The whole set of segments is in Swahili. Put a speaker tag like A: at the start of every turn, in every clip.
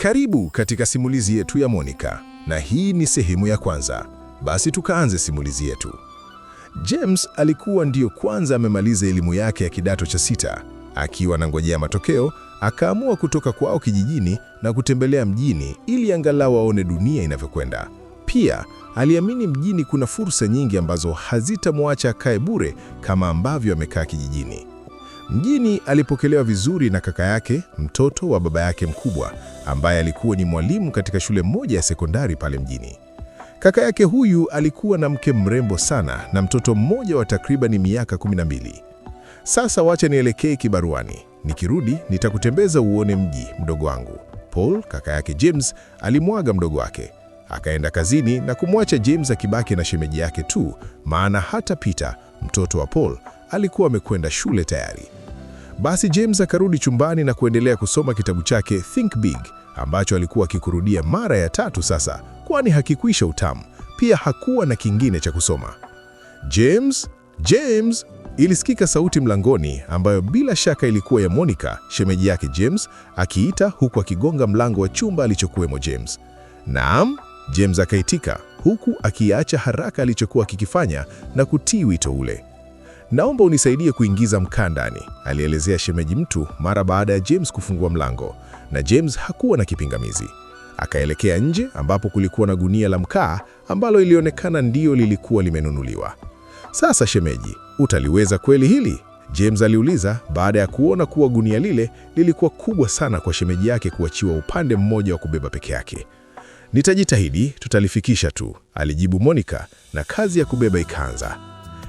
A: Karibu katika simulizi yetu ya Monica, na hii ni sehemu ya kwanza. Basi tukaanze simulizi yetu. James alikuwa ndiyo kwanza amemaliza elimu yake ya kidato cha sita. Akiwa anangojea matokeo, akaamua kutoka kwao kijijini na kutembelea mjini ili angalau aone dunia inavyokwenda. Pia aliamini mjini kuna fursa nyingi ambazo hazitamwacha akae bure kama ambavyo amekaa kijijini. Mjini alipokelewa vizuri na kaka yake, mtoto wa baba yake mkubwa, ambaye alikuwa ni mwalimu katika shule moja ya sekondari pale mjini. Kaka yake huyu alikuwa na mke mrembo sana na mtoto mmoja wa takribani miaka 12. Sasa wacha nielekee kibaruani, nikirudi nitakutembeza uone mji, mdogo wangu. Paul, kaka yake James, alimwaga mdogo wake akaenda kazini na kumwacha James akibaki na shemeji yake tu, maana hata Peter, mtoto wa Paul, alikuwa amekwenda shule tayari. Basi James akarudi chumbani na kuendelea kusoma kitabu chake Think Big ambacho alikuwa akikurudia mara ya tatu sasa, kwani hakikuisha utamu. Pia hakuwa na kingine cha kusoma. James, James, ilisikika sauti mlangoni ambayo bila shaka ilikuwa ya Monica, shemeji yake James, akiita huku akigonga mlango wa chumba alichokuwemo James. Naam, James akaitika huku akiacha haraka alichokuwa kikifanya na kutii wito ule. Naomba unisaidie kuingiza mkaa ndani, alielezea shemeji mtu mara baada ya James kufungua mlango, na James hakuwa na kipingamizi. Akaelekea nje ambapo kulikuwa na gunia la mkaa ambalo ilionekana ndiyo lilikuwa limenunuliwa. Sasa shemeji, utaliweza kweli hili? James aliuliza baada ya kuona kuwa gunia lile lilikuwa kubwa sana kwa shemeji yake kuachiwa upande mmoja wa kubeba peke yake. Nitajitahidi, tutalifikisha tu, alijibu Monica na kazi ya kubeba ikaanza.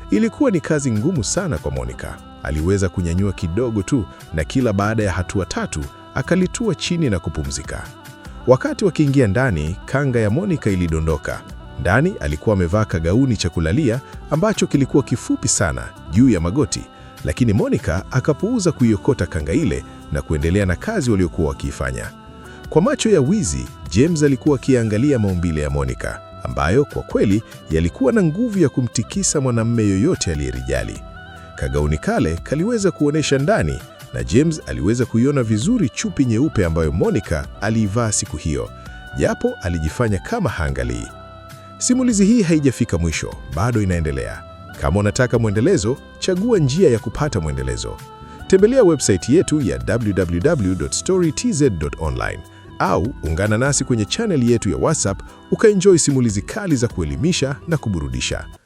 A: Ilikuwa ni kazi ngumu sana kwa Monica. Aliweza kunyanyua kidogo tu, na kila baada ya hatua tatu akalitua chini na kupumzika. Wakati wakiingia ndani, kanga ya Monica ilidondoka. Ndani alikuwa amevaa kagauni cha kulalia ambacho kilikuwa kifupi sana juu ya magoti, lakini Monica akapuuza kuiokota kanga ile na kuendelea na kazi waliokuwa wakiifanya. Kwa macho ya wizi, James alikuwa akiangalia maumbile ya Monica ambayo kwa kweli yalikuwa na nguvu ya kumtikisa mwanamume yoyote aliyerijali. Kagauni kale kaliweza kuonesha ndani na James aliweza kuiona vizuri chupi nyeupe ambayo Monica aliivaa siku hiyo, japo alijifanya kama haangalii. Simulizi hii haijafika mwisho, bado inaendelea. Kama unataka mwendelezo, chagua njia ya kupata mwendelezo. Tembelea website yetu ya www.storytz.online au ungana nasi kwenye chaneli yetu ya WhatsApp ukaenjoy simulizi kali za kuelimisha na kuburudisha.